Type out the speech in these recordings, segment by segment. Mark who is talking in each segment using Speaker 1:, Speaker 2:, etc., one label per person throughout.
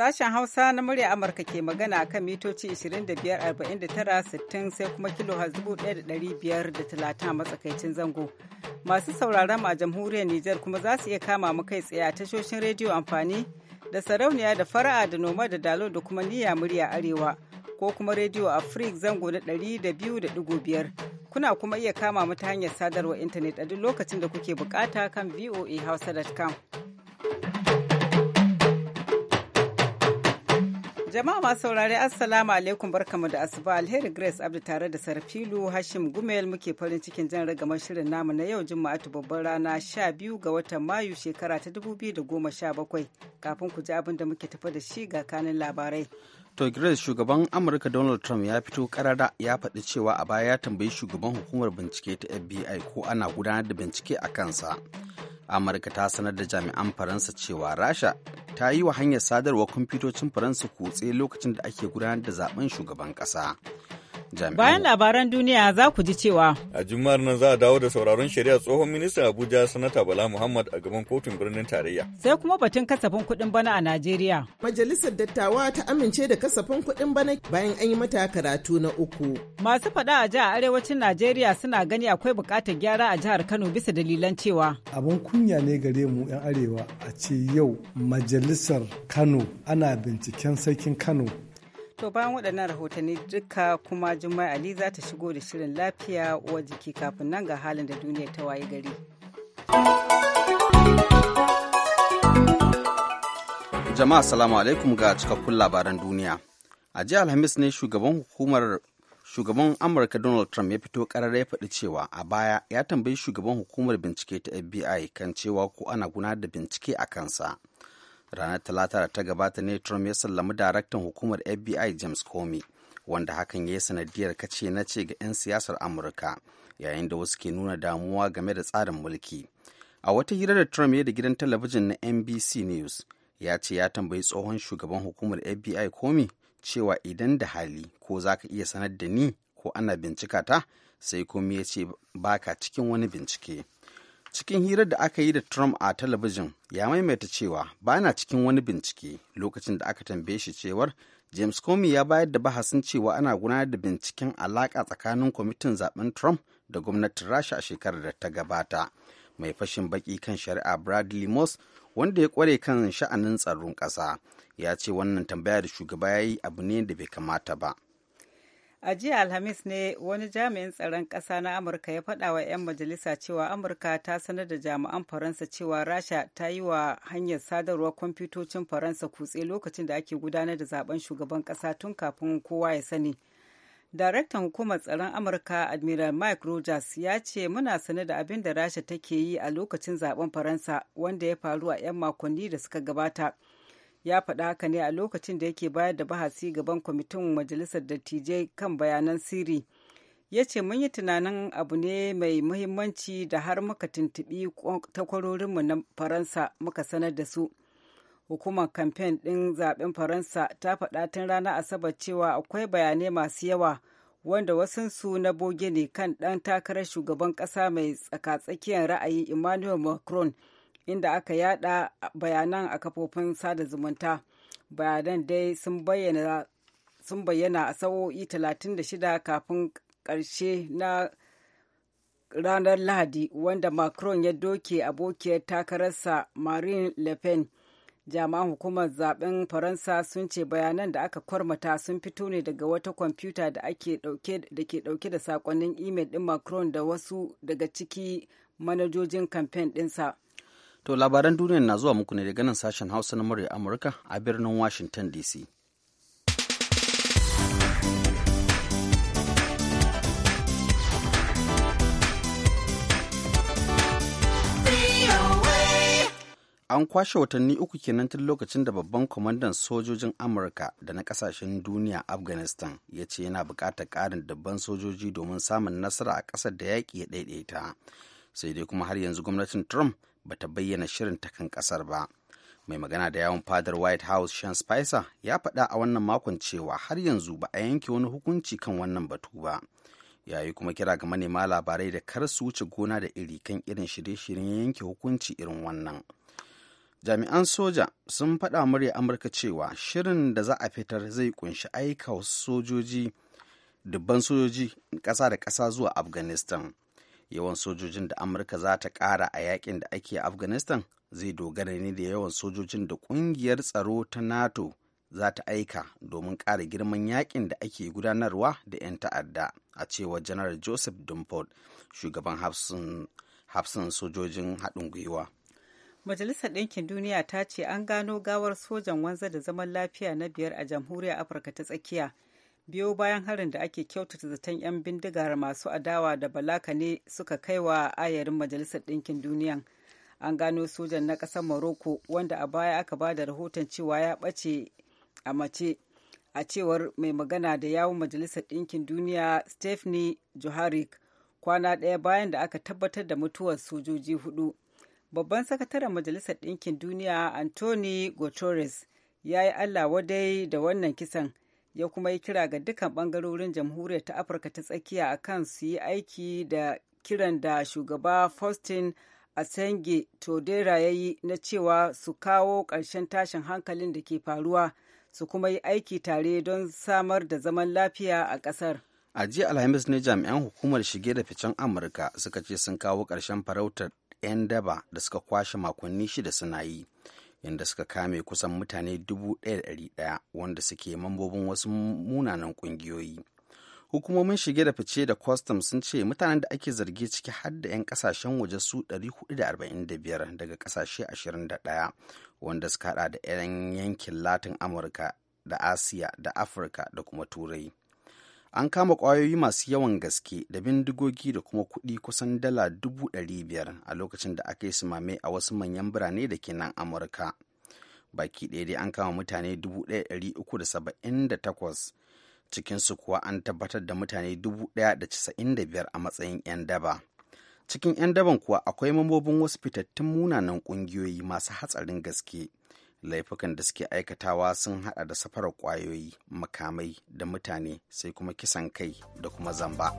Speaker 1: Sashen Hausa na murya Amurka ke magana kan mitoci 25,49,60 sai kuma kilo 1,530 matsakaicin zango. Masu sauraron a jamhuriyar Nijar kuma za su iya kama mu kai tsaye a tashoshin rediyo amfani da sarauniya da fara'a da noma da dalo da kuma niyya murya arewa ko kuma rediyo Afrik zango na 200.5. Kuna kuma iya kama mu ta hanyar sadarwar intanet a duk lokacin da kuke bukata kan voahausa.com. Jama'a masu saurare Assalamu alaikum barkamu da asuba alheri Grace abdul tare da Sarfilu Hashim Gumel muke farin cikin jan ragamar shirin namu na yau juma'a ta babbar rana 12 ga watan Mayu shekara ta 2017 kafin ku ji abin da muke tafi da shi ga kanin labarai.
Speaker 2: To Grace shugaban Amurka Donald Trump ya fito karara ya faɗi cewa a baya ya tambayi shugaban hukumar bincike ta FBI ko ana gudanar da bincike a kansa. amurka ta sanar da jami'an faransa cewa rasha ta yi wa hanyar sadarwar kwamfutocin faransa kutse lokacin da ake gudanar da zaben shugaban kasa. Bayan
Speaker 1: labaran
Speaker 3: duniya za ku ji cewa. A juma'ar nan za a dawo da sauraron shari'a tsohon ministan Abuja Sanata Bala Muhammad a gaban kotun birnin tarayya.
Speaker 1: Sai kuma batun kasafin kuɗin bana a Najeriya. Majalisar
Speaker 4: dattawa ta amince da kasafin kuɗin bana bayan an yi mata karatu na uku.
Speaker 1: Masu faɗa a jihar arewacin Najeriya suna gani akwai buƙatar gyara a jihar Kano bisa dalilan cewa.
Speaker 5: Abun kunya ne gare mu 'yan arewa a ce yau majalisar Kano ana binciken sarkin Kano
Speaker 1: To bayan waɗannan rahotanni duka kuma Jummai Ali za ta shigo da shirin lafiya uwar jiki kafin nan ga halin da duniya ta waye gari.
Speaker 2: Jama'a salamu alaikum ga cikakkun labaran duniya. A jiya Alhamis ne shugaban hukumar shugaban Amurka Donald Trump ya fito karar ya faɗi cewa a baya ya tambayi shugaban hukumar bincike ta FBI kan cewa ko ana gudanar da bincike a kansa. ranar talata da ta gabata ne trump ya sallami daraktan hukumar fbi james comey wanda hakan ya yi sanadiyar kace na ce ga 'yan siyasar amurka yayin da wasu ke nuna damuwa game da tsarin mulki a wata hira da trump ya da gidan talabijin na nbc news ya ce ya tambayi tsohon shugaban hukumar fbi comey cewa idan da hali ko za ka iya sanar da ni ko ana bincika ta sai komi ya ce baka cikin wani bincike. cikin hirar da aka yi da trump a talabijin ya maimaita cewa ba na cikin wani bincike lokacin da aka tambaye shi cewar james comey ya bayar da bahasin cewa ana gudanar da binciken alaƙa tsakanin kwamitin zaben trump da gwamnatin rasha a shekarar da ta gabata mai fashin baki kan shari'a bradley moss wanda ya kware kan sha'anin tsaron ƙasa ya ce wannan tambaya da shugaba ya yi abu ne da bai kamata ba
Speaker 1: a jiya alhamis ne wani jami'in tsaron ƙasa na amurka ya faɗa wa 'yan majalisa cewa amurka ta sanar da jami'an faransa cewa rasha ta yi wa hanyar sadarwar kwamfutocin faransa kutse lokacin da ake gudanar da zaben shugaban ƙasa tun kafin kowa ya sani daraktan hukumar tsaron amurka admiral mike rogers ya ce muna sane da abin da rasha take yi a lokacin zaben faransa wanda ya faru a 'yan makonni da suka gabata ya faɗa haka ne a lokacin da yake bayar da bahasi gaban kwamitin majalisar dattijai kan bayanan sirri ya ce mun yi tunanin abu ne mai muhimmanci da har muka tuntuɓi takwarorinmu na faransa muka sanar da su hukumar kamfen ɗin zaben faransa ta faɗa tun ranar asabar cewa akwai bayanai masu yawa wanda wasunsu na boge ne kan ɗan takarar shugaban ƙasa mai tsaka-tsakiyar ra'ayi emmanuel macron inda aka yada bayanan a kafofin sada zumunta bayanan dai sun bayyana a a sa'o'i 36 kafin karshe na ranar lahadi wanda macron ya doke abokiyar takararsa marine le pen jama'an hukumar zaben faransa sun ce bayanan da aka kwarmata sun fito ne daga wata kwamfuta da ake ke dauke da sakonnin imel din macron da wasu daga ciki manajojin kamfen dinsa
Speaker 2: To labaran duniya na zuwa muku ne da ganin sashen Hausa na murya Amurka a birnin Washington DC. An kwashe watanni uku kenan tun lokacin da babban kwamandan sojojin Amurka da na kasashen duniya Afghanistan ya ce yana buƙatar ƙarin dabban sojoji domin samun nasara a ƙasar da yaƙi ya ɗaiɗaita. Sai dai kuma har yanzu gwamnatin Trump bata bayyana shirin ta kan kasar ba mai magana da yawon fadar white house sean spicer ya faɗa a wannan makon cewa har yanzu ba a yanke wani hukunci kan wannan batu ba yayi kuma kira ga manema labarai da kar su wuce gona da iri kan irin shirye-shiryen yanke hukunci irin wannan jami'an soja sun faɗa murya amurka cewa shirin da za a fitar zai kunshi aika sojoji dubban sojoji ƙasa da ƙasa zuwa afghanistan yawan sojojin da amurka za ta ƙara a yakin da ake afghanistan zai dogara ne da yawan sojojin da ƙungiyar tsaro ta nato za ta aika domin ƙara girman yakin da ake gudanarwa da 'yan ta'adda a cewar janar joseph dunford shugaban hafsan sojojin haɗin gwiwa
Speaker 1: majalisar ɗinkin duniya ta ce an gano gawar sojan wanzar da zaman lafiya na biyar a jamhuriyar afirka ta tsakiya biyo bayan harin da ake kyautata zaton 'yan bindigar masu adawa da balaka ne suka kaiwa ayarin majalisar ɗinkin duniya an gano sojan na ƙasar morocco wanda a baya aka ba da rahoton cewa ya ɓace a mace a cewar mai magana da yawun majalisar ɗinkin duniya stephanie joharic kwana ɗaya bayan da aka tabbatar da mutuwar sojoji hudu babban sakataren majalisar ɗinkin duniya anthony guterres ya yi allah wadai da wannan kisan ya kuma yi kira ga dukkan bangarorin jamhuriyar ta afirka ta tsakiya a kan su yi aiki da kiran da shugaba faustin asenge todera ya yi na cewa su kawo ƙarshen tashin hankalin da ke faruwa su kuma yi aiki tare don samar da zaman lafiya a ƙasar
Speaker 2: a jiya alhamis ne jami'an hukumar shige da ficen amurka suka ce sun kawo ƙarshen farautar 'yan daba da suka kwashe makonni shida suna yi inda suka kame kusan mutane 1,100 wanda suke mambobin wasu munanan ƙungiyoyi. Hukumomin shige da fice da kwastam sun ce mutanen da ake zargi ciki har da 'yan kasashen waje su 445 daga kasashe 21 wanda suka hada da 'yan yankin Latin Amurka da Asiya da Afirka da kuma Turai. an kama ƙwayoyi masu yawan gaske da bindigogi da kuma kuɗi kusan dala dubu ɗari biyar a lokacin da aka yi sumame a wasu manyan birane da ke nan amurka baki ɗaya dai an kama mutane dubu ɗaya ɗari uku da saba'in da takwas cikinsu kuwa an tabbatar da mutane dubu ɗaya da casa'in da biyar a matsayin 'yan daba cikin 'yan daban kuwa akwai mambobin wasu fitattun munanan ƙungiyoyi masu hatsarin gaske laifukan da suke aikatawa sun hada da safarar kwayoyi makamai da mutane sai kuma kisan kai da kuma zamba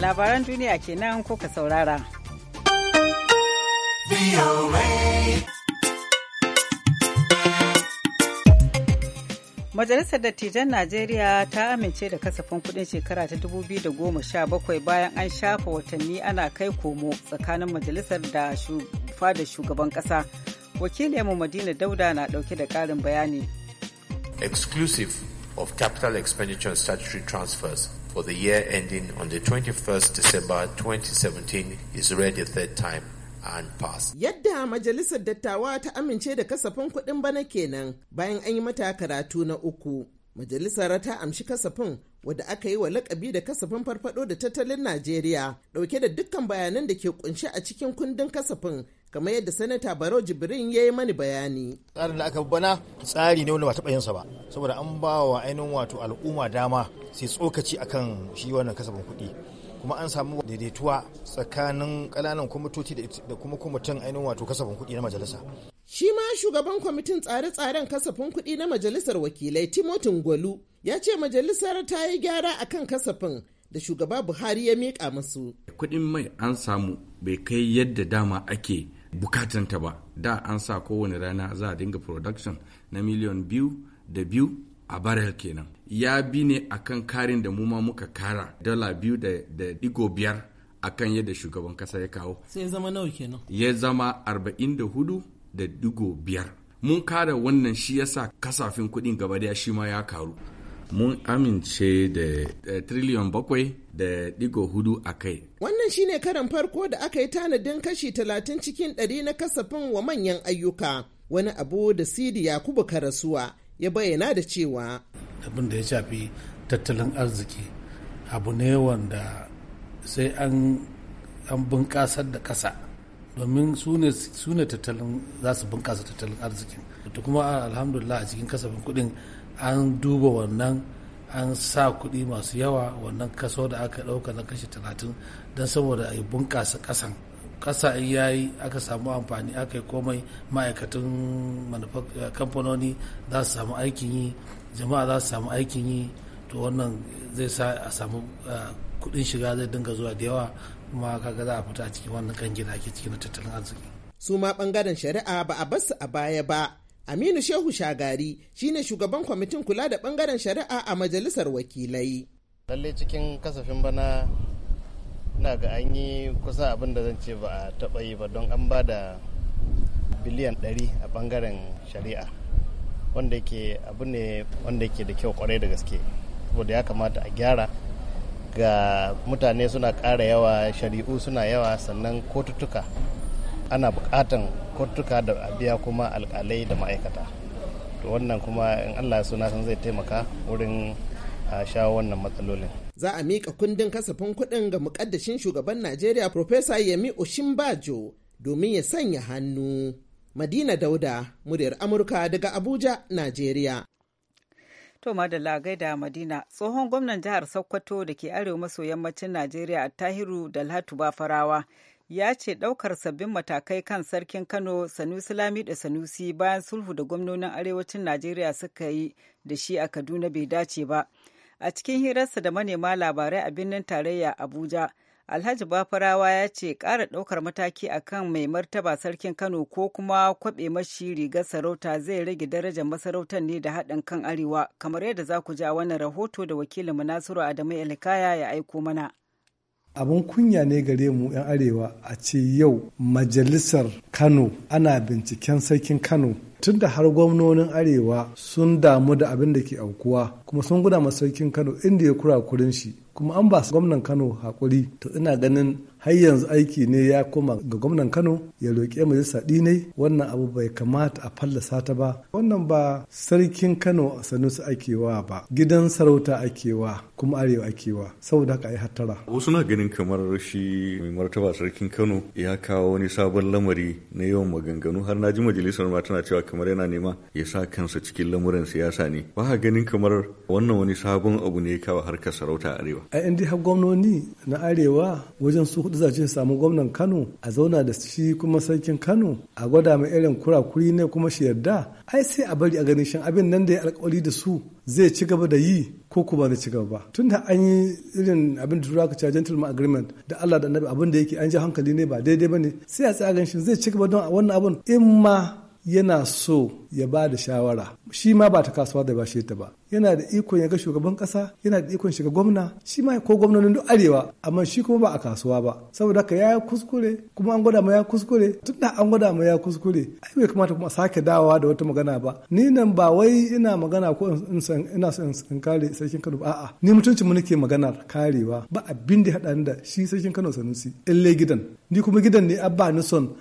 Speaker 1: labaran duniya kenan ka saurara. Majalisar Dattijan Najeriya ta amince da kasafin kuɗin shekara ta 2017 bayan an shafa watanni ana kai komo tsakanin majalisar da fada shugaban ƙasa. Wakilinmu Madina Dauda na ɗauke da ƙarin bayani.
Speaker 3: Exclusive of capital expenditure statutory transfers for the year ending on the 21st
Speaker 4: December 2017 is read a third time and pass. Yadda majalisar dattawa ta amince da kasafin kuɗin bana kenan bayan an yi mata karatu na uku. Majalisar ta amshi kasafin wadda aka yi wa lakabi da kasafin farfado da tattalin Najeriya dauke da dukkan bayanan da ke kunshi a cikin kundin kasafin kamar yadda sanata Barau Jibrin ya yi mani bayani. Tsarin da aka bana tsari ne wanda ba taɓa yinsa ba saboda an ba wa ainihin wato al'umma dama sai tsokaci akan shi wannan kasafin kuɗi. kuma an samu daidaituwa tsakanin kananan kwamitoci da kuma kwamitin ainihin wato kasafin kuɗi na majalisa. Shi ma shugaban kwamitin tsare-tsaren kasafin kuɗi na majalisar wakilai Timotin Gwalu ya ce majalisar ta yi gyara a kan kasafin da shugaba Buhari ya miƙa
Speaker 3: musu. Kuɗin mai an samu bai kai yadda dama ake bukatanta ba. Da an sa kowane rana za a dinga production na miliyan biyu da biyu a barel kenan. ya bi ne akan karin da mu ma muka kara dala biyu da digo biyar akan yadda shugaban kasa ya kawo sai
Speaker 4: zama nawa kenan
Speaker 3: ya zama arba'in da hudu da digo biyar mun kara wannan shi yasa kasafin kuɗin gaba daya shi ma ya karu mun amince da triliyon bakwai da digo hudu a kai.
Speaker 4: Wannan shi ne karan farko da aka yi tanadin kashi talatin cikin ɗari na kasafin wa manyan ayyuka. Wani abu da Sidi Yakubu Karasuwa ya bayyana da cewa
Speaker 5: abin da ya shafi tattalin arziki abu ne wanda sai an bunƙasar da ƙasa domin su ne tattalin za su bunƙasa tattalin arziki. da kuma alhamdulillah a cikin kasafin kuɗi an duba wannan an sa kuɗi masu yawa wannan kaso da aka ɗauka na kashi talatin don saboda a yi bunƙasa ƙasan kasa in yayi aka samu amfani aka yi komai ma'aikatan kamfanoni za su samu aikin yi jama'a za su samu aikin yi to wannan zai sa a samu kuɗin shiga zai dinga zuwa da yawa kuma kaga za a fita a cikin wannan kan gida ake cikin tattalin arziki su ma bangaren
Speaker 4: shari'a ba a basu a baya ba Aminu Shehu Shagari shine shugaban kwamitin kula da bangaren shari'a a majalisar wakilai. Lalle cikin kasafin bana na ga an yi kusa abin da zan ce ba a taɓa yi ba don an ba da biliyan 100 a bangaren shari'a wanda ke abu ne wanda ke da kyau kwarai da gaske saboda ya kamata a gyara ga mutane suna ƙara yawa shari'u suna yawa sannan kotutuka ana buƙatan kotutuka da biya kuma alƙalai da ma'aikata to wannan kuma in allah suna san zai taimaka wurin a shawo wannan matsalolin. Za a miƙa kundin kasafin kuɗin ga muƙaddashin shugaban Najeriya Profesa Yemi Oshimbajo domin ya sanya hannu. Madina Dauda, muryar Amurka daga Abuja, Najeriya.
Speaker 1: To Madalla gaida Madina, tsohon gwamnan jihar Sokoto da ke arewa maso yammacin Najeriya a Tahiru Dalhatu Bafarawa ya ce ɗaukar sabbin matakai kan sarkin Kano Sanusi Lamido Sanusi bayan sulhu da gwamnonin arewacin Najeriya suka yi da shi a Kaduna bai dace ba. a cikin hirarsa da manema labarai a birnin tarayya abuja alhaji bafarawa ya ce ƙara ɗaukar mataki akan mai martaba sarkin kano ko kuma kwaɓe mashi rigar sarauta zai rage darajar masarautar ne da haɗin kan arewa kamar yadda za ku ja wannan rahoto da wakilin nasiru adamu elikaya ya aiko mana
Speaker 5: abin kunya ne gare mu 'yan arewa a ce yau majalisar kano ana binciken sarkin kano tun da har gwamnonin arewa sun damu da abin da ke aukuwa kuma sun guda sarkin kano inda ya kura kurin shi kuma an ba su gwamnan kano hakuri to ina ganin har yanzu aiki ne ya koma ga gwamnan kano ya roƙe majalisa ne? wannan abu bai kamata a fallasa ta ba wannan ba sarkin kano a sanusu ake wa ba gidan sarauta ake wa kuma arewa wa saboda haka ai hattara
Speaker 3: wasu na ganin kamar shi mai martaba sarkin Kano ya kawo wani sabon lamari na yawan maganganu har na ji majalisar ma tana cewa kamar yana nema ya sa kansa cikin lamuran siyasa ne ba ha ganin kamar wannan wani sabon abu ne ya kawo harkar sarauta arewa
Speaker 5: ai in har gwamnoni na arewa wajen su hudu zace samu gwamnan Kano a zauna da shi kuma sarkin Kano a gwada mai irin kurakuri ne kuma shi yarda ai sai a bari a ganin shan abin nan da ya alkawari da su zai ci gaba da yi ko ku ba zai ci gaba ba da an yi irin abin da turawa cewa gentleman agreement da Allah da annabi abin da yake an ji hankali ne ba daidai ne sai a tsaya ganin shi zai ci gaba don wannan abun in ma yana so ya ba da shawara shi ma ba ta kasuwa da bashe ta ba yana da ikon ya ga shugaban kasa yana da ikon shiga gwamna shi ma ko gwamnonin duk arewa amma shi kuma ba a kasuwa ba saboda haka ya kuskure kuma an gwada ma ya kuskure tun da an gwada ma ya kuskure ai bai kamata kuma sake dawowa da wata magana ba ni nan ba wai ina magana ko ina son in kare sarkin Kano ba a'a ni mutuncin mu nake magana karewa ba abin da hada da shi sarkin Kano Sanusi in gidan ni kuma gidan ne abba ni son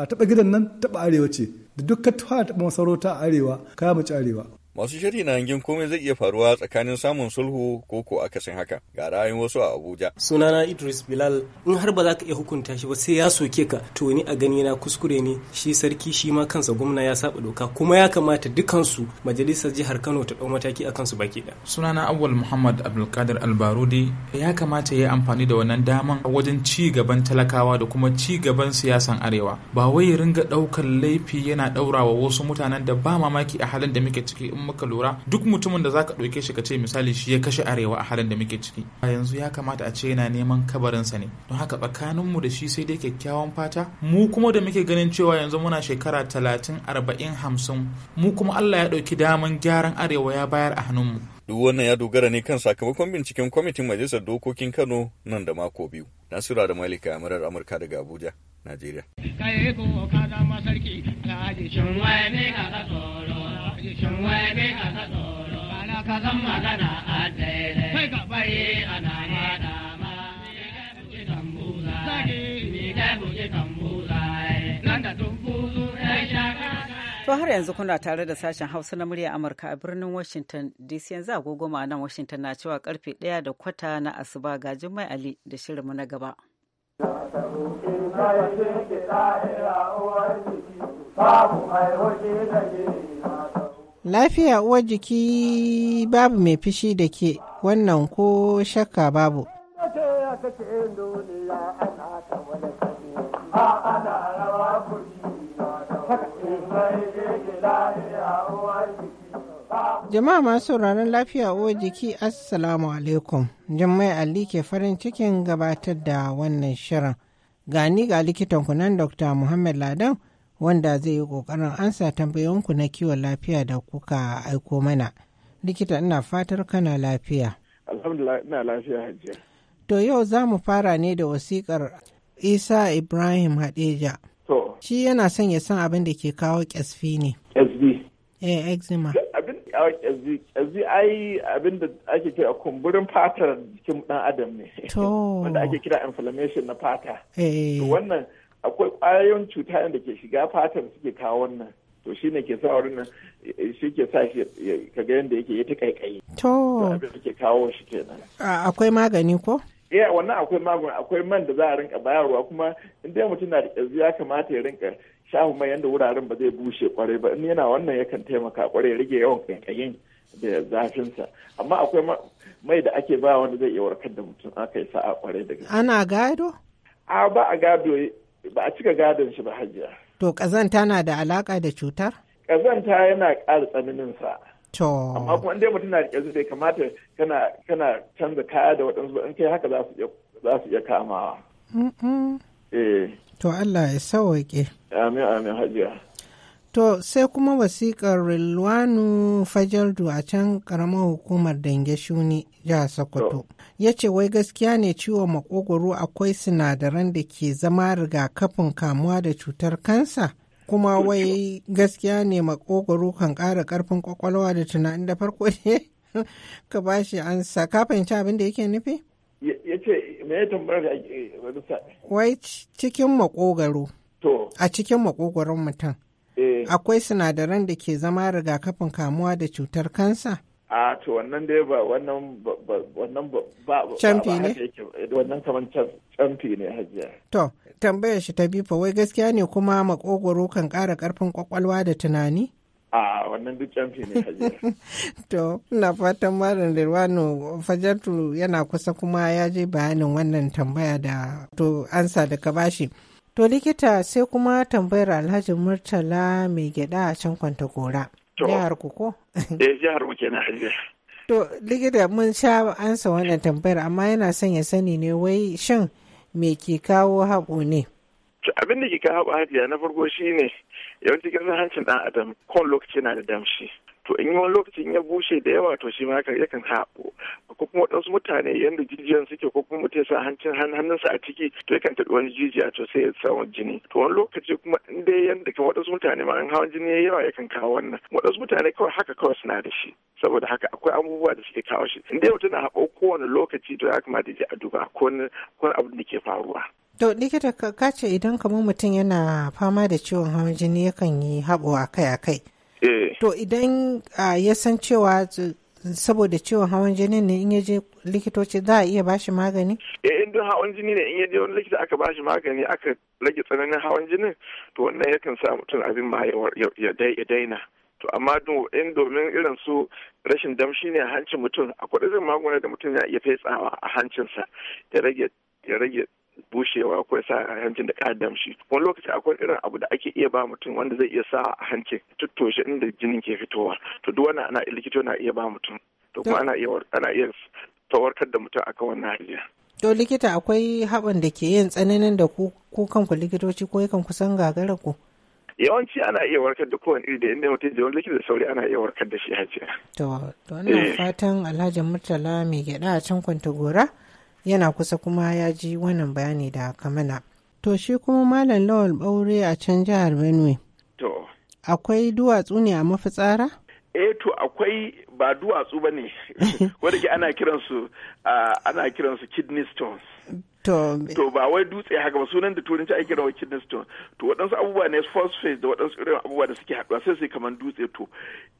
Speaker 5: a taɓa gidan nan taɓa arewa ce da duk ka taɓa masarauta a arewa kaya mace arewa
Speaker 3: Masu shiri na hangen komai zai iya faruwa tsakanin samun sulhu ko ko akasin haka ga ra'ayin wasu a Abuja.
Speaker 5: Sunana Idris Bilal in har ba za ka iya hukunta shi ba sai ya soke ka to ni a gani na kuskure ne shi sarki shi ma kansa gwamna ya saba doka kuma ya kamata dukansu majalisar jihar Kano ta dau mataki akan su baki da.
Speaker 4: Sunana Awwal Muhammad Abdulkadir Albarudi ya kamata ya yi amfani da wannan daman wajen ci gaban talakawa da kuma ci gaban siyasan arewa ba wai ya ringa daukar laifi yana wa wasu mutanen da ba mamaki a halin da muke ciki muka lura duk mutumin da zaka ɗauke shi ka ce misali shi ya kashe arewa a halin da muke ciki a yanzu ya kamata a ce yana neman kabarin sa ne don haka tsakanin mu da shi sai dai kyakkyawan fata mu kuma da muke ganin cewa yanzu muna shekara talatin arba'in hamsin mu kuma Allah ya ɗauki daman gyaran arewa ya bayar a
Speaker 3: hannunmu. Duk wannan ya dogara ne kan sakamakon binciken kwamitin majalisar dokokin Kano nan da mako biyu. Nasura da Malika Amurar Amurka daga Abuja, Najeriya.
Speaker 5: Kai ko ka zama sarki,
Speaker 1: ka shin To har yanzu kuna tare da sashen Hausa na murya Amurka a birnin Washington DC yanzu agogo nan Washington na cewa karfe ɗaya da kwata na asuba ga Jummai Ali da shirinmu na gaba.
Speaker 5: Babu mai da
Speaker 6: Lafiya uwar jiki babu mai fishi da ke wannan ko shakka babu. Jama'a masu sauraron lafiya uwar jiki Assalamu alaikum. Jummai Ali ke farin cikin gabatar da wannan shirin. Gani ga likitan kunan Dr. Muhammad Ladan wanda zai yi ƙoƙarin ansa tambayoyinku na kiwon lafiya da kuka aiko mana. Likita ina fatar kana lafiya.
Speaker 7: Alhamdulillah ina lafiya hajiya.
Speaker 6: To yau za mu fara ne da wasiƙar Isa Ibrahim Hadeja. To. Shi yana son ya san abin da ke kawo ƙyasfi ne. Ƙyasfi. Eh, eczema.
Speaker 7: Abin da kawo ƙyasfi, ƙyasfi ai abin da ake kira kumburin fatar jikin ɗan adam ne.
Speaker 6: To. Wanda
Speaker 7: ake kira inflammation na fata. Eh. To wannan akwai ƙwayoyin cuta da ke shiga fatan suke kawo wannan to shi ne ke sa wurin nan shi ke sa shi kaga yadda yake ya ta kaikayi
Speaker 6: to abin
Speaker 7: da ke kawo shi kenan
Speaker 6: akwai magani ko
Speaker 7: eh wannan akwai magani akwai man da za a rinka bayarwa kuma in dai mutum na da ƙirji ya kamata ya rinka shahu mai yadda wuraren ba zai bushe kwarai ba in yana wannan yakan taimaka kwarai rage yawan kaikayin da zafinsa amma akwai mai da ake ba wanda zai iya warkar da mutum aka yi sa'a kwarai da gaske ana gado a ba a gado ba a cika gadon shi ba hajiya.
Speaker 6: To ƙazanta na da alaƙa da cutar?
Speaker 7: Ƙazanta yana ƙara tsanininsa.
Speaker 6: To. Amma
Speaker 7: kuma inda mutum na da kyau bai kamata kana kana canza kaya da waɗansu in kai haka za su iya kamawa. Eh.
Speaker 6: To Allah ya sauwaƙe.
Speaker 7: Amin amin hajiya.
Speaker 6: To sai kuma wasiƙar Rilwanu Fajardu a can ƙaramar hukumar Dange Shuni jihar Sokoto. Ya ce wai gaskiya ne ciwon makogwaro akwai sinadaran da ke zama rigakafin kamuwa da cutar kansa. Kuma wai gaskiya ne makogwaro kan ƙara ƙarfin kwakwalwa da tunanin da farko ne? ka ba shi ansa ka fahimci abin da yake nufi?
Speaker 7: Ya ce me ya tambar da eh,
Speaker 6: Wai cikin makogwaro. To. A cikin makogwaron mutum. Eh. Akwai sinadaran da ke zama rigakafin kamuwa da cutar kansa?
Speaker 7: A to wannan dai ba wannan ba wannan ba Camfi ne? Eh, wannan kamar camfi ne hajiya.
Speaker 6: To, tambayar shi ta bifa wai gaskiya ne kuma makogoro kan ƙara ƙarfin ƙwaƙwalwa da tunani?
Speaker 7: a wannan duk camfi ne
Speaker 6: hajiya. to na fatan malam lirwano fajartu yana kusa kuma ya je bayanin wannan tambaya da to ansa da ka bashi To likita sai kuma tambayar Alhaji Murtala mai gyada a can kwanta gora. Jihar ku ko?
Speaker 7: Eh, jihar ku kenan
Speaker 6: To likita mun sha ansa wannan tambayar amma yana son ya sani ne wai shin me ke kawo haɓo ne?
Speaker 7: Abin da ke kawo haɓo Hajiya na farko shi ne yawanci ganin hancin ɗan adam kowane lokaci na da damshi. to in wani lokacin ya bushe da yawa to shi ma yakan haɓo ko kuma waɗansu mutane yanda jijiyan suke ko kuma mutum sa hancin hannunsa a ciki to yakan taɓi wani jijiya to sai ya samu jini to wani lokaci kuma in dai yadda ka wasu mutane ma in hawan jini ya yawa yakan kawo wannan waɗansu mutane kawai haka kawai suna da shi saboda haka akwai abubuwa da suke kawo shi in dai mutum na haɓo kowane lokaci to ya kamata ya a duba ko wani abin da ke faruwa.
Speaker 6: To likita ka ce idan kamar mutum yana fama da ciwon hawan jini yakan yi haɓo akai-akai. Eh. To idan ya san cewa saboda ciwon hawan jini ne in yaje likitoci za a iya bashi magani?
Speaker 7: Eh in duk hawan jini ne in yaje wani likita aka bashi magani aka rage tsananin hawan jini to wannan yakan sa mutum abin ma ya daina. to amma in domin irin su rashin damshi ne a hancin mutum akwai zai magunguna da mutum ya iya fetsawa a hancinsa ya rage bushewa ko ya sa a hancin da ka damshi wani lokaci akwai irin abu da ake iya ba mutum wanda zai iya sa a hancin tuttoshe inda jinin ke fitowa to duk wannan ana likito na iya ba mutum to kuma ana iya ana iya tawarkar da mutum akan wannan hanya
Speaker 6: to likita akwai haɓan da ke yin tsananin da ku kanku likitoci ko yakan kusan gagara ku
Speaker 7: yawanci ana iya warkar da kowane iri da inda mutum da wani likita da sauri ana iya warkar da shi hajiya to to eh.
Speaker 6: fatan alhaji murtala mai gyada a can kwanta gora yana kusa kuma ya ji wannan bayani da kamana. To shi kuma Malam Lawal Ɓaure a can jihar Benue. To. Akwai duwatsu ne a mafitsara?
Speaker 7: Eh to akwai ba duwatsu ba ne, wadda ke ana kiransu ana kiransu kidney stones.
Speaker 6: To, to
Speaker 7: ba wai dutse haka ba sunan da turanci ake rawa kidney stone to waɗansu abubuwa ne phosphate da waɗansu irin abubuwa da suke haɗuwa sai sai kamar dutse to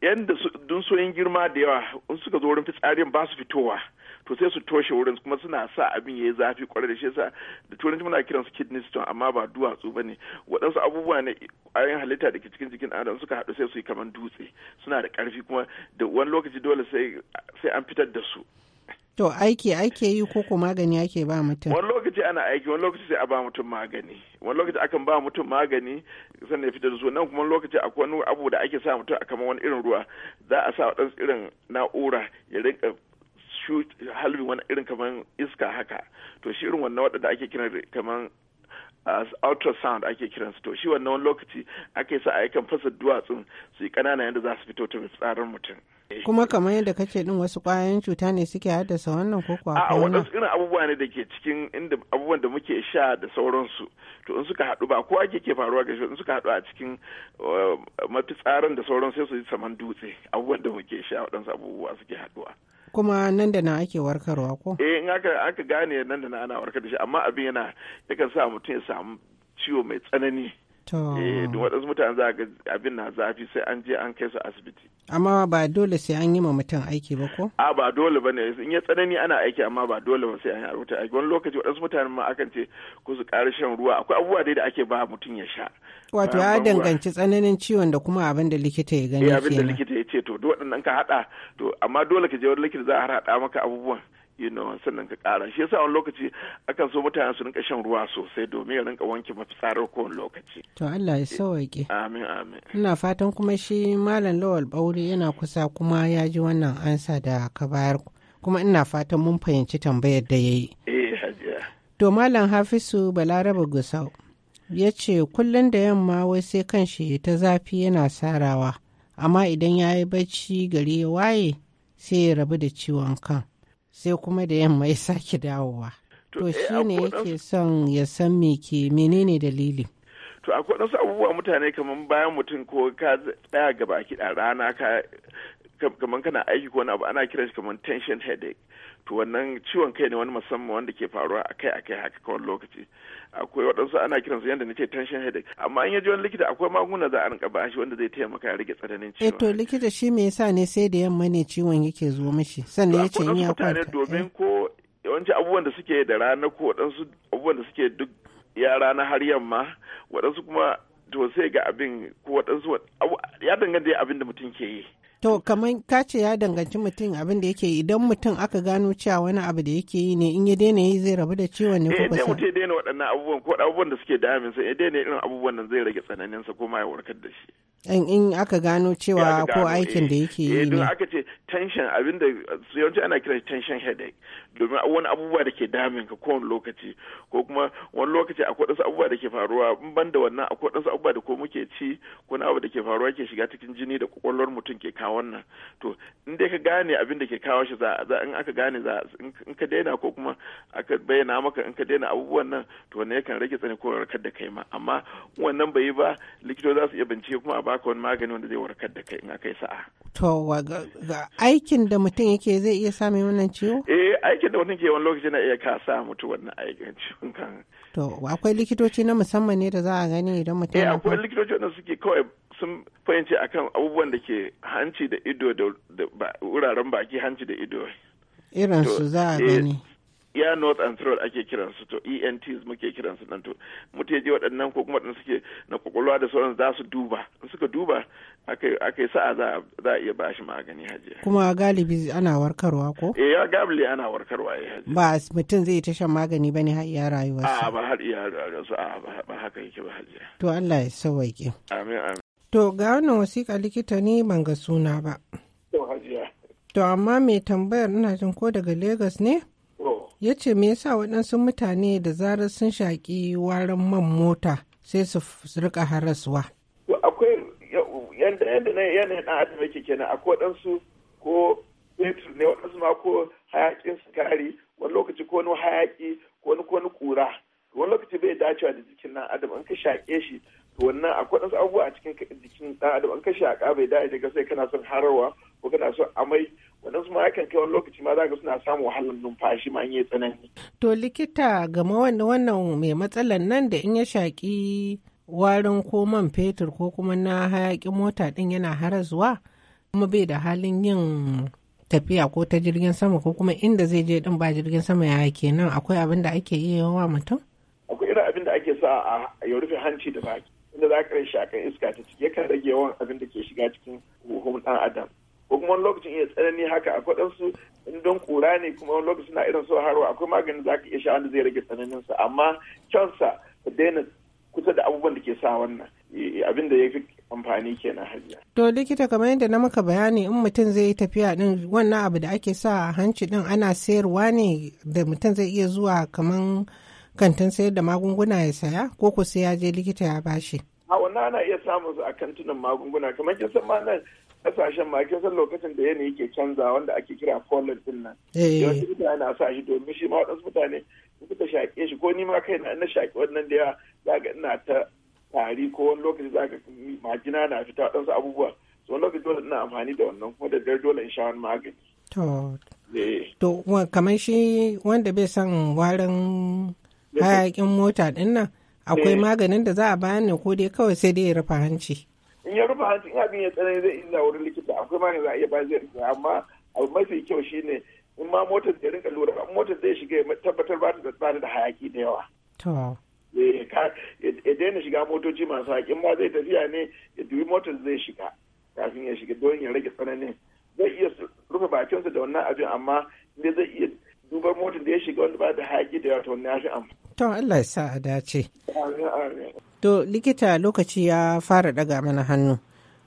Speaker 7: yanda dunsoyin girma da yawa in suka zo wurin fitsarin ba su fitowa to sai su toshe wurin kuma suna sa abin yayi zafi kwarai da shi yasa da turanci muna kiransu kidney stone amma ba duwatsu bane waɗansu abubuwa ne ayin halitta da ke cikin jikin adam suka haɗu sai su yi kamar dutse suna da ƙarfi kuma da wani lokaci dole sai an fitar da su
Speaker 6: To aiki ake yi ko ko magani ake ba mutum? Wani
Speaker 7: lokaci ana aiki, wani lokaci sai a ba mutum magani. Wani lokaci akan ba mutum magani sannan ya fita da su nan kuma lokaci akwai wani abu da ake sa mutum a kamar wani irin ruwa. Za a sa waɗansu irin na'ura ya rinka halbi wani irin kamar iska haka to shi irin wannan waɗanda ake kiran kamar as ultrasound ake kiransu to shi wannan wani lokaci ake sa aikan fasa duwatsun su yi kanana yadda za su fito ta tsarin mutum.
Speaker 6: kuma kamar yadda kace din wasu kwayoyin cuta ne suke haddasa wannan ko kuwa a wadansu irin
Speaker 7: abubuwa ne da ke cikin inda abubuwan da muke sha da sauransu to in suka haɗu ba ko ake ke faruwa ga shi in suka haɗu a cikin uh, mafitsarin da sauran sai su yi saman dutse abubuwan da muke sha waɗansu abubuwa suke haɗuwa
Speaker 6: kuma nan da na ake warkarwa ko
Speaker 7: eh in aka aka gane nan da na ana warkar da shi amma abin yana yakan sa mutum ya samu ciwo mai tsanani eh duk waɗansu mutane za ga abin na zafi sai an je an kai su asibiti
Speaker 6: amma ba dole sai an yi ma mutum aiki ba ko
Speaker 7: a ba dole ba ne in ya tsanani ana aiki amma ba dole ba sai an yi rubuta aiki wani lokaci waɗansu mutane ma akan ce ku su ƙara shan ruwa akwai abubuwa dai da ake ba mutum ya sha
Speaker 6: wato ya danganci tsananin ciwon da kuma abin da likita ya gani eh, abin da likita
Speaker 7: ya ce to duk waɗannan ka haɗa to amma dole ka je wani likita za a haɗa maka abubuwan you know sannan ka ƙara shi yasa wani lokaci akan so mutane su rinka shan ruwa sosai domin ya rinka wanke mafitsarar kowane lokaci
Speaker 6: to Allah ya sauwaƙe
Speaker 7: amin amin
Speaker 6: ina fatan kuma shi malam lawal baure yana kusa kuma ya ji wannan ansa da ka bayar kuma ina fatan mun fahimci tambayar da ya yi
Speaker 7: eh hajiya
Speaker 6: to malam hafisu balaraba gusau ya ce kullum da yamma wai sai kan shi ta zafi yana sarawa amma idan ya yi bacci gari ya waye sai ya rabu da ciwon kan sai kuma da yamma ya sake dawowa to eh, shi ne yake son ya san me ke menene dalili
Speaker 7: to akwai wasu abubuwa mutane kamar bayan mutum ko ka tsaya gaba kiɗa rana ka kamar kana aiki ko wani abu ana kiran shi kamar tension headache to wannan ciwon kai ne wani musamman wanda ke faruwa akai akai haka kawai lokaci akwai waɗansu ana su yadda nake tension headache amma in ya ji wani likita akwai magunguna za a rinka ba shi wanda zai taimaka ya rage tsananin ciwon eh to
Speaker 6: likita shi me yasa ne sai da yamma ne ciwon yake zo mishi sannan ya ce in ya kwanta
Speaker 7: domin eh. ko yawanci abubuwan da suke da rana ko waɗansu abubuwan da suke duk ya rana har yamma waɗansu kuma to sai ga abin ko waɗansu ya danganta abin da mutum ke yi
Speaker 6: To kamar ka ce ya danganci mutum abin da yake idan mutum aka gano cewa wani abu da yake yi ne in ya daina yi zai rabu da ciwon ne ko ba. Eh mutum
Speaker 7: ya daina waɗannan abubuwan ko abubuwan da suke damin sa ya daina irin abubuwan nan zai rage tsananin sa ma ya warkar da shi.
Speaker 6: In in aka gano cewa ko aikin da eh. yake yi eh, ne. Idan aka
Speaker 7: ce tension abin da yawanci ana kira shi tension headache domin wani abubuwa da ke damin ka kowane lokaci ko kuma wani lokaci akwai wasu abubuwa da ke faruwa in ban da wannan akwai wasu abubuwa da ko muke ci ko na abu da ke faruwa ke shiga cikin jini da kwakwalwar mutum ke kawo wannan to in dai ka gane abin da ke kawo shi za in aka gane za in ka daina ko kuma aka bayyana maka in ka daina abubuwan nan to wannan yakan rage tsani ko warkar da kai ma amma wannan bai yi ba likito za su iya bincike kuma a baka wani magani wanda zai warkar da kai in aka yi sa'a.
Speaker 6: To aikin da mutum yake zai iya sami wannan ciwo?
Speaker 7: Eh, aikin da mutum ke wani lokaci na iya kasa mutu wannan aikin ciwon kan.
Speaker 6: To, akwai likitoci na musamman ne da za a gani idan mutum Eh, akwai
Speaker 7: likitoci wanda suke kawai sun fahimci akan abubuwan da ke hanci da ido da wuraren baki hanci da ido.
Speaker 6: Irin su za a eh, gani.
Speaker 7: ya north and throat ake kiransu to ents muke kiransu nan to mutu je waɗannan ko kuma waɗanda suke na kwakwalwa da sauran za su duba in suka duba aka yi sa'a za a iya ba shi magani hajiya.
Speaker 6: Kuma galibi ana warkarwa ko?
Speaker 7: Eh ya galibi ana warkarwa ya eh, hajiya.
Speaker 6: Ba mutum zai ta shan magani ba ne har iya rayuwarsa.
Speaker 7: A ba har iya rayuwarsa a ba haka yake ba hajiya.
Speaker 6: To Allah ya sawaike. Amin amin. To ga wannan wasiƙa likita ne ban ga suna ba. To hajiya. To amma mai tambayar ina jin ko daga Legas ne? Ya ce me yasa waɗansu mutane da zarar sun shaƙi warin man mota sai su rika haraswa.
Speaker 7: da yadda na yanayin ɗan adam yake kenan a kodansu ko fetur ne waɗansu ma ko hayaƙin sukari wani lokaci ko wani hayaƙi ko wani ko wani ƙura wani lokaci bai dacewa da jikin ɗan adam in ka shaƙe shi to wannan a kodansu abubuwa a cikin jikin ɗan adam in ka shaƙa bai dace daga sai kana son harawa ko kana son amai waɗansu ma yakan kai wani lokaci ma za ka suna samun wahalar numfashi ma yi tsanani.
Speaker 6: to likita game wani wannan mai matsalar nan da in ya shaƙi warin ko man fetur ko kuma na hayakin mota din yana harazuwa kuma bai da halin yin tafiya ko ta jirgin sama ko kuma inda zai je ɗin ba jirgin sama ya kenan akwai abin da ake yi wa mutum?
Speaker 7: Akwai irin abin da ake sa a ya rufe hanci da baki inda za ka akan iska ta ciki yakan rage yawan abin da ke shiga cikin huhun ɗan adam. ko kuma wani lokacin iya tsanani haka akwai ɗansu in don kura ne kuma wani lokacin na irin so harwa akwai maganin za ka iya sha wanda zai rage tsananinsa amma kyansa ka daina kusa da abubuwan da ke sa wannan eh, abin da ya fi amfani kenan hajiya.
Speaker 6: To likita kamar yadda na maka bayani in mutum zai yi tafiya din wannan abu da ake sa a hanci din ana sayarwa ne da mutum zai iya zuwa kamar kantin sayar da magunguna ya saya ko ku sai ya je likita ya bashi.
Speaker 7: A wannan ana iya samun su a kantunan magunguna kamar kin san ma nan kasashen ma kin san lokacin da yanayi ke canza wanda ake kira polar din nan eh. yawanci mutane a sa shi domin shi ma waɗansu mutane suka shaƙe shi ko ni ma kai na shaƙi wannan da yawa za ga ina ta tari ko wani lokaci za ka majina na fita waɗansu abubuwa so wani lokaci dole ina amfani da wannan kuma da dare dole in sha wani magani. to eh.
Speaker 6: to kamar shi wanda bai san warin hayaƙin mota ɗin nan akwai eh. maganin da za a bayan ne ko dai kawai sai dai ya rufe hanci.
Speaker 7: in ya rufe hanci abin ya tsanani zai illa wurin likita akwai magani za a iya ba zai rufe amma abu mafi kyau shine in ma motar ya rinka lura ba motar zai shiga ya tabbatar ba ta da tsari da hayaki da
Speaker 6: yawa.
Speaker 7: Eh, ya daina shiga motoci masu haƙin ba zai tafiya ne ya dubi motar zai shiga kafin ya shiga don ya rage tsananin zai iya rufe bakinsa da wannan abin amma zai iya duban motar da ya shiga wanda ba da haƙi da wato ya fi am.
Speaker 6: To Allah ya sa a dace. To likita lokaci ya fara daga mana hannu.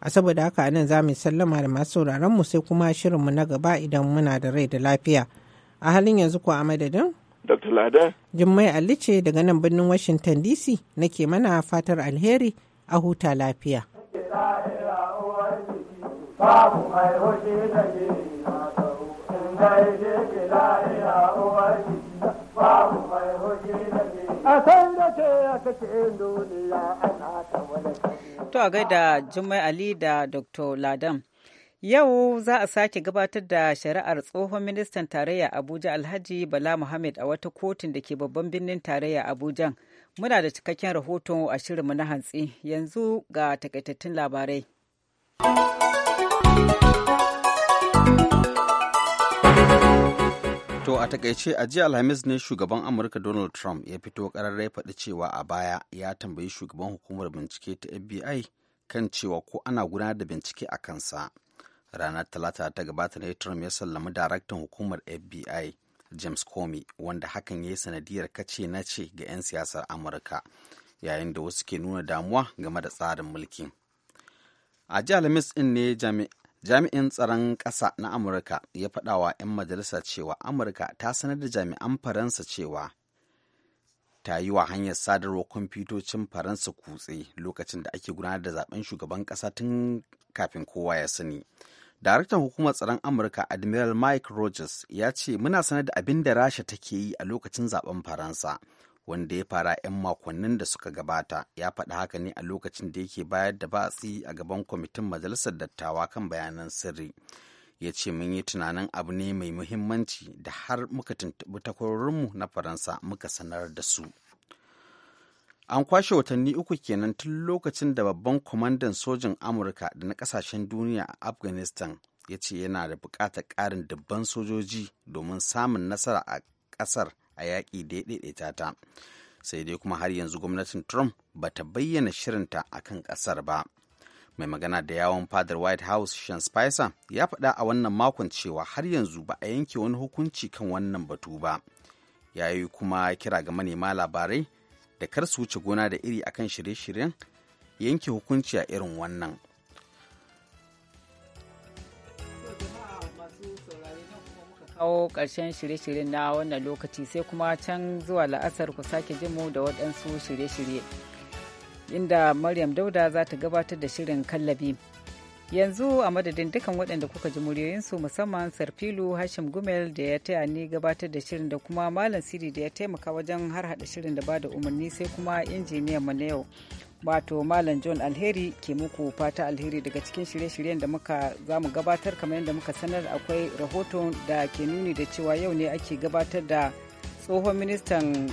Speaker 6: A saboda haka anan za mu sallama da masu sauraron mu sai kuma shirinmu na gaba idan muna da rai da lafiya. A halin yanzu kuwa a madadin?
Speaker 7: Dr. Lada.
Speaker 6: Jummai Ali ce daga nan birnin Washington DC nake mana fatar alheri a huta lafiya.
Speaker 5: Babu mai hoji da ke To
Speaker 1: a gaida Jummai Ali da Dr. Ladan. Yau za a sake gabatar da shari'ar tsohon ministan tarayya Abuja Alhaji Bala Muhammad a wata kotun da ke babban birnin tarayya Abuja. Muna da cikakken rahoton a shirinmu na hantsi yanzu ga takaitattun labarai.
Speaker 2: To a takaice a jiya Alhamis ne shugaban Amurka Donald Trump ya fito kararrai faɗi cewa a baya ya tambayi shugaban hukumar bincike ta FBI kan cewa ko ana gudanar da bincike a kansa. Ranar Talata ta gabata ne Trump ya sallami daraktan hukumar FBI James Comey wanda hakan ya yi sanadiyar kace na ce ga 'yan siyasar Amurka yayin da wasu ke nuna damuwa game da tsarin mulkin. a jihar Alhamis ɗin ne jami'in tsaron ƙasa na amurka ya faɗa wa 'yan majalisa cewa amurka ta sanar da jami'an faransa cewa ta yi wa hanyar sadarwar kwamfutocin faransa kutse lokacin da ake gudanar da zaben shugaban ƙasa tun kafin kowa ya sani daraktan hukumar tsaron amurka admiral mike rogers ya ce muna sanar da abin da rasha take yi a lokacin zaben faransa wanda ya fara 'yan makonnin da suka gabata ya faɗi haka ne a lokacin da yake bayar da batsi a gaban kwamitin majalisar dattawa kan bayanan sirri ya ce mun yi tunanin abu ne mai muhimmanci da har muka tuntuɓi takwarorinmu na faransa muka sanar da su an kwashe watanni uku kenan tun lokacin da babban kwamandan sojin amurka da na kasashen duniya a afghanistan ya ce yana da buƙatar ƙarin dubban sojoji domin samun nasara a ƙasar a yaƙi da ya daidaita ta sai dai kuma har yanzu gwamnatin trump ba ta bayyana shirinta a kan ƙasar ba mai magana da yawon fadar white house shan spicer ya faɗa a wannan makon cewa har yanzu ba a yanke wani hukunci kan wannan batu ba ya yi kuma kira ga manema labarai da kar su wuce gona da iri akan shirye-shiryen yanke hukunci a irin wannan
Speaker 1: kawo ƙarshen shirye shirye na wannan lokaci sai kuma can zuwa la'asar ku sake jin mu da waɗansu shirye-shirye inda maryam dauda za ta gabatar da shirin kallabi yanzu a madadin dukan waɗanda kuka ji muryoyinsu musamman sarfilu hashim gumel da ya taya ni gabatar da shirin da kuma malam siri da ya taimaka wajen har hada shirin da ba da umarni sai kuma injiniyan mu na yau wato malam john alheri ke muku fata alheri daga cikin shirye-shiryen da muka za mu gabatar kamar yadda muka sanar akwai rahoton da ke nuni da cewa yau ne ake gabatar da tsohon ministan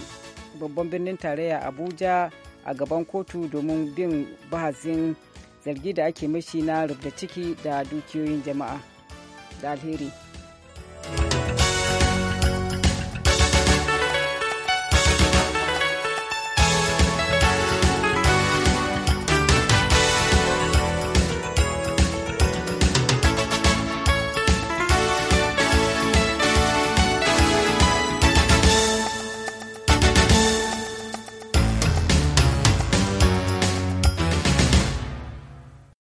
Speaker 1: babban birnin tarayya abuja a gaban kotu domin bin bahasin zargi da ake mashi na rubda ciki da dukiyoyin jama'a da alheri